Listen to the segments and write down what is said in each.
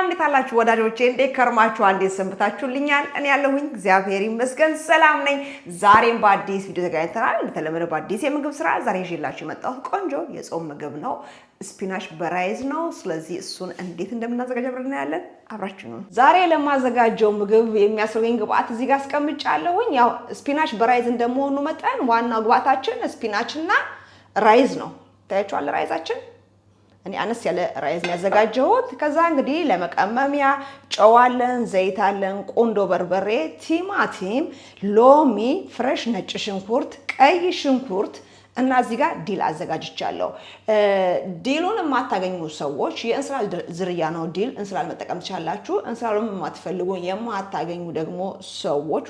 ሰላም እንዴት አላችሁ ወዳጆቼ? እንዴት ከርማችሁ? እንዴት ሰንብታችሁልኛል? እኔ ያለሁኝ እግዚአብሔር ይመስገን ሰላም ነኝ። ዛሬም በአዲስ ቪዲዮ ተገናኝተናል። እንደተለመደው በአዲስ የምግብ ስራ ዛሬ ይዤላችሁ የመጣሁት ቆንጆ የጾም ምግብ ነው። ስፒናሽ በራይዝ ነው። ስለዚህ እሱን እንዴት እንደምናዘጋጅ አብረን እናያለን። አብራችሁ ነው። ዛሬ ለማዘጋጀው ምግብ የሚያስፈልገኝ ግብአት እዚህ ጋር አስቀምጫለሁኝ። ያው ስፒናሽ በራይዝ እንደመሆኑ መጠን ዋናው ግብአታችን ስፒናችና ራይዝ ነው። ታያችኋል ራይዛችን እኔ አነስ ያለ ራይዝ ያዘጋጀሁት። ከዛ እንግዲህ ለመቀመሚያ ጨዋለን፣ አለን፣ ዘይት አለን፣ ቆንዶ በርበሬ፣ ቲማቲም፣ ሎሚ፣ ፍሬሽ ነጭ ሽንኩርት፣ ቀይ ሽንኩርት እና እዚህ ጋር ዲል አዘጋጅቻለሁ። ዲሉን የማታገኙ ሰዎች የእንስላል ዝርያ ነው ዲል እንስላል መጠቀም ትችላላችሁ። እንስላሉን የማትፈልጉ የማታገኙ ደግሞ ሰዎች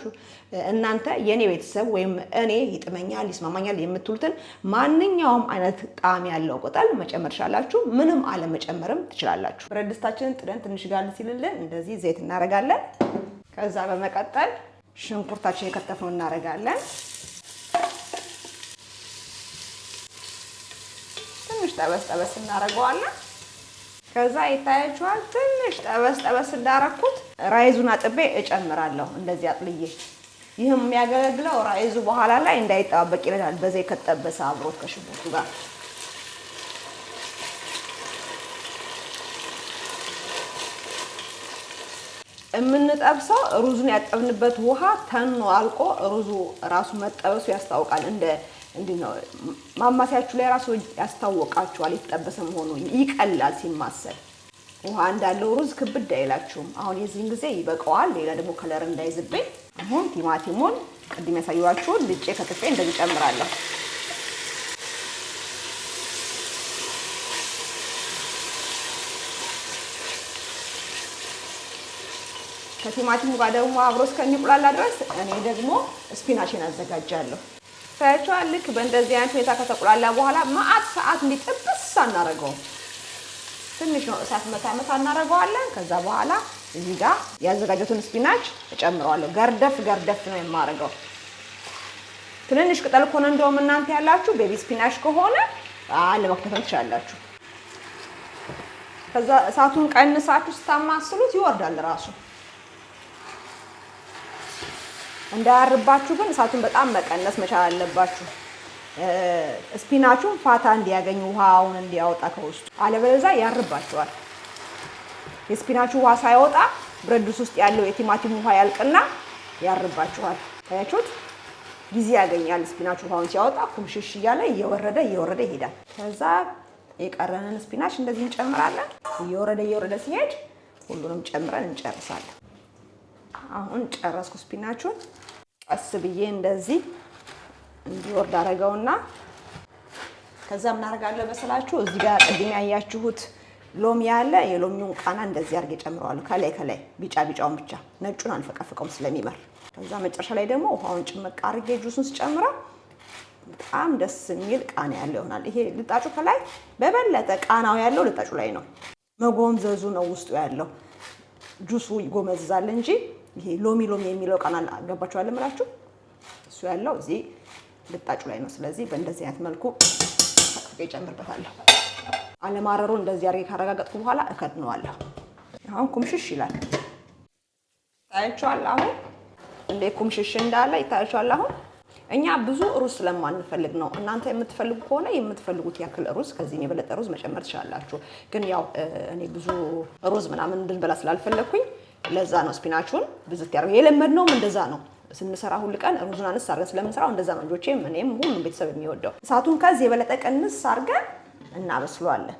እናንተ የእኔ ቤተሰብ ወይም እኔ ይጥመኛል፣ ይስማማኛል የምትሉትን ማንኛውም አይነት ጣዕም ያለው ቅጠል መጨመር ትችላላችሁ። ምንም አለመጨመርም ትችላላችሁ። ብረት ድስታችንን ጥደን ትንሽ ጋል ሲልልን እንደዚህ ዘይት እናደርጋለን። ከዛ በመቀጠል ሽንኩርታችን የከተፍነው እናደርጋለን። ጠበስ ጠበስ እናደርገዋለን። ከዛ ይታያችኋል። ትንሽ ጠበስ ጠበስ እንዳረኩት ራይዙን አጥቤ እጨምራለሁ። እንደዚህ አጥልዬ ይህም የሚያገለግለው ራይዙ በኋላ ላይ እንዳይጠባበቅ ይረዳል። በዘይ ከተጠበሰ አብሮት ከሽንኩርቱ ጋር የምንጠብሰው ሩዙን ያጠብንበት ውሃ ተኖ አልቆ ሩዙ ራሱ መጠበሱ ያስታውቃል እንደ እንዲህ ነው ማማሰያችሁ ላይ ራሱ ያስታወቃችኋል። የተጠበሰ መሆኑ ይቀላል ሲማሰል ውሃ እንዳለው ሩዝ ክብድ አይላችሁም። አሁን የዚህን ጊዜ ይበቀዋል ሌላ ደግሞ ከለር እንዳይዝብኝ አሁን ቲማቲሙን ቅድም ያሳየኋችሁን ልጬ ከትፌ እንደዚህ ጨምራለሁ። ከቲማቲሙ ጋር ደግሞ አብሮ እስከሚቁላላ ድረስ እኔ ደግሞ ስፒናሽን አዘጋጃለሁ። ታያቸዋል። ልክ በእንደዚህ አይነት ሁኔታ ከተቁላላ በኋላ ማአት ሰዓት እንዲጥብስ አናደርገው። ትንሽ ነው እሳት መታ መታ እናደርገዋለን። ከዛ በኋላ እዚህ ጋር ያዘጋጀቱን ስፒናች እጨምረዋለሁ። ገርደፍ ገርደፍ ነው የማደርገው። ትንንሽ ቅጠል ከሆነ እንደውም እናንተ ያላችሁ ቤቢ ስፒናች ከሆነ ለመክተፈን ትችላላችሁ። ከዛ እሳቱን ቀንሳችሁ ስታማስሉት ይወርዳል ራሱ። እንዳያርባችሁ ግን እሳቱን በጣም መቀነስ መቻል አለባችሁ። ስፒናቹን ፋታ እንዲያገኝ ውሃውን እንዲያወጣ ከውስጡ፣ አለበለዚያ ያርባችኋል። የስፒናቹ ውሃ ሳይወጣ ብረት ውስጥ ያለው የቲማቲም ውሃ ያልቅና ያርባችኋል። ታያችሁት? ጊዜ ያገኛል። ስፒናቹ ውሃውን ሲያወጣ ኩምሽሽ እያለ እየወረደ እየወረደ ይሄዳል። ከዛ የቀረንን ስፒናች እንደዚህ እንጨምራለን። እየወረደ እየወረደ ሲሄድ ሁሉንም ጨምረን እንጨርሳለን። አሁን ጨረስኩ። ስፒናቹን ቀስ ብዬ እንደዚህ እንዲወርድ አደረገውና ከዛ ምን አረጋለሁ በስላችሁ እዚህ ጋር ቅድም ያያችሁት ሎሚ ያለ የሎሚውን ቃና እንደዚህ አድርጌ ጨምረዋለሁ። ከላይ ከላይ ቢጫ ቢጫውን ብቻ ነጩን አልፈቀፍቀውም ስለሚመር። ከዛ መጨረሻ ላይ ደግሞ ውሃውን ጭምቅ አድርጌ ጁሱን ስጨምረው በጣም ደስ የሚል ቃና ያለው ይሆናል። ይሄ ልጣጩ ከላይ በበለጠ ቃናው ያለው ልጣጩ ላይ ነው። መጎምዘዙ ነው ውስጡ ያለው ጁሱ ይጎመዝዛል እንጂ ይሄ ሎሚ ሎሚ የሚለው ቃል ገባችኋል እምላችሁ እሱ ያለው እዚህ ልጣጩ ላይ ነው። ስለዚህ በእንደዚህ አይነት መልኩ ሰቅፍቄ እጨምርበታለሁ። አለማረሩ እንደዚህ አድርጌ ካረጋገጥኩ በኋላ እከድነዋለሁ። አሁን ኩምሽሽ ይላል ታያችኋል። አሁን እንዴ ኩምሽሽ እንዳለ ይታያችኋል። አሁን እኛ ብዙ ሩዝ ስለማንፈልግ ነው። እናንተ የምትፈልጉ ከሆነ የምትፈልጉት ያክል ሩዝ ከዚህም የበለጠ ሩዝ መጨመር ትችላላችሁ። ግን ያው እኔ ብዙ ሩዝ ምናምን እንድንበላ ስላልፈለግኩኝ ለዛ ነው ስፒናቹን ብዝት ያደረገው። የለመድነውም እንደዛ ነው ስንሰራ ሁል ቀን ሩዙን አነስ አድርገን ስለምንሰራው እንደዛ ነው ልጆቼ እኔም ሁሉም ቤተሰብ የሚወደው። እሳቱን ከዚህ የበለጠ ንስ አድርገን እናበስሏለን።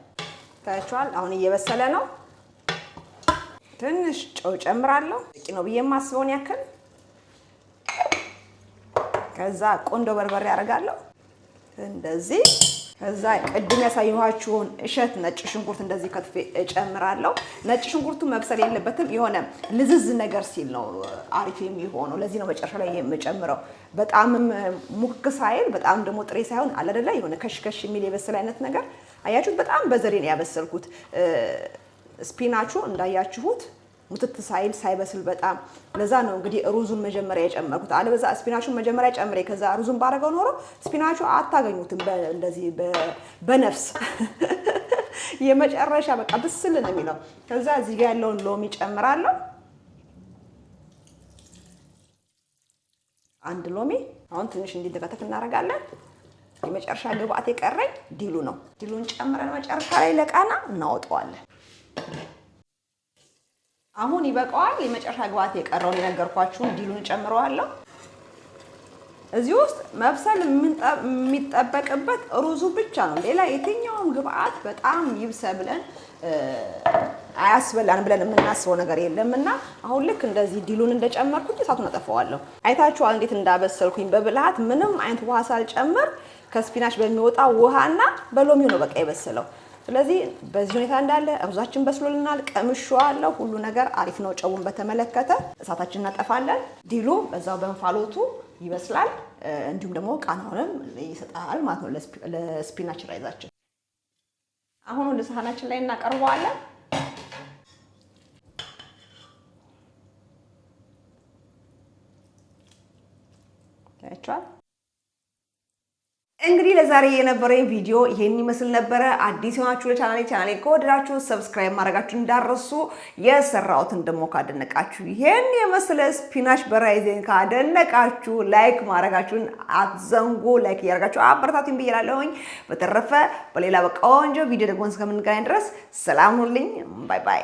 ታያችኋል። አሁን እየበሰለ ነው። ትንሽ ጨው ጨምራለሁ። በቂ ነው ብዬ የማስበውን ያክል። ከዛ ቆንዶ በርበሬ አደርጋለሁ እንደዚህ ከዛ ቅድም ያሳየኋችሁን እሸት ነጭ ሽንኩርት እንደዚህ ከትፌ እጨምራለሁ። ነጭ ሽንኩርቱ መብሰል የለበትም። የሆነ ልዝዝ ነገር ሲል ነው አሪፍ የሚሆነው። ለዚህ ነው መጨረሻ ላይ የምጨምረው። በጣምም ሙክ ሳይል፣ በጣም ደግሞ ጥሬ ሳይሆን አለደላ የሆነ ከሽከሽ የሚል የበሰል አይነት ነገር አያችሁት። በጣም በዘዴ ነው ያበሰልኩት። ስፒናቹ እንዳያችሁት ሙትት ሳይል ሳይበስል በጣም ለዛ ነው እንግዲህ ሩዙን መጀመሪያ የጨመርኩት። አለበዛ ስፒናቹን መጀመሪያ ጨምሬ ከዛ ሩዙን ባረገው ኖሮ ስፒናቹ አታገኙትም እንደዚህ በነፍስ የመጨረሻ በቃ ብስል ነው የሚለው። ከዛ እዚህ ጋር ያለውን ሎሚ ጨምራለሁ። አንድ ሎሚ አሁን ትንሽ እንዲደጋተፍ እናደርጋለን። የመጨረሻ ግብአት የቀረኝ ዲሉ ነው። ዲሉን ጨምረን መጨረሻ ላይ ለቃና እናወጣዋለን። አሁን ይበቃዋል። የመጨረሻ ግብአት የቀረውን የነገርኳችሁን ዲሉን ጨምረዋለሁ። እዚህ ውስጥ መብሰል የሚጠበቅበት ሩዙ ብቻ ነው። ሌላ የትኛውም ግብአት በጣም ይብሰ ብለን አያስበላን ብለን የምናስበው ነገር የለም እና አሁን ልክ እንደዚህ ዲሉን እንደጨመርኩኝ እሳቱን አጠፋዋለሁ። አይታችኋል እንዴት እንዳበሰልኩኝ በብልሃት ምንም አይነት ውሃ ሳልጨምር ከስፒናች በሚወጣ ውሃና በሎሚው ነው በቃ የበሰለው። ስለዚህ በዚህ ሁኔታ እንዳለ ሩዛችን በስሎልናል። ቀምሸዋለሁ፣ ሁሉ ነገር አሪፍ ነው። ጨውን በተመለከተ እሳታችን እናጠፋለን። ዲሉ በዛው በእንፋሎቱ ይበስላል። እንዲሁም ደግሞ ቃናውንም ይሰጣል ማለት ነው ለስፒናች ራይዛችን። አሁን ወደ ሳህናችን ላይ እናቀርበዋለን። ታያችኋል። እንግዲህ ለዛሬ የነበረኝ ቪዲዮ ይሄን ይመስል ነበረ። አዲስ የሆናችሁ ለቻናሌ ቻናሌ ከወደዳችሁ ሰብስክራይብ ማድረጋችሁ እንዳረሱ። የሰራሁትን ደግሞ ካደነቃችሁ ይሄን የመስለ ስፒናሽ በራይዜን ካደነቃችሁ ላይክ ማድረጋችሁን አትዘንጉ። ላይክ እያደረጋችሁ አበረታቱኝ ብዬ በተረፈ በሌላ በቃ በቆንጆ ቪዲዮ ደግሞ እስከምንገናኝ ድረስ ሰላም ሁኑልኝ። ባይ ባይ።